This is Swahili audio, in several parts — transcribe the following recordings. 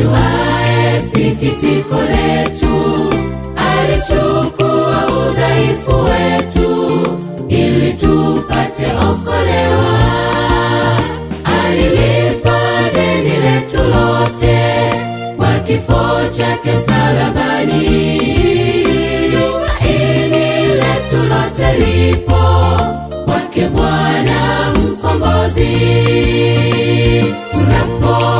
ajuae sikitiko letu, alichukua udhaifu wetu ili tupate okolewa. Alilipa deni letu lote kwa kifo chake msalabani. Tumaini letu lote lipo kwake Bwana Mkombozi. Unapo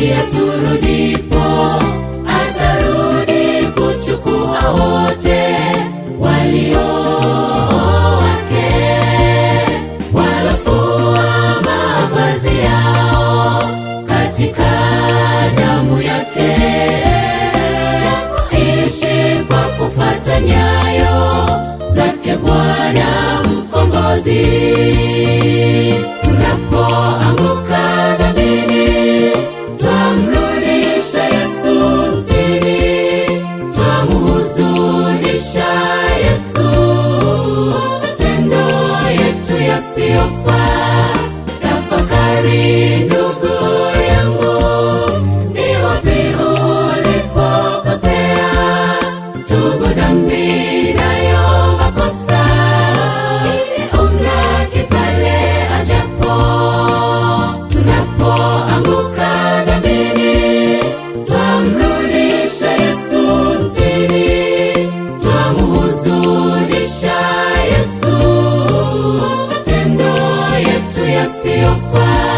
aturudipo atarudi kuchukua wote walio wake, walofua mavazi yao katika damu yake. Ishi kwa kufata nyayo zake Bwana Mkombozi. yasiyofaa. Tafakari ndugu yangu, ni wapi ulipokosea? Tubu dhambi nayo makosa, ili umlaki pale ajapo. Tunapoanguka dhambini, twamrudisha Yesu mtini, twamuhuzuni triunfar.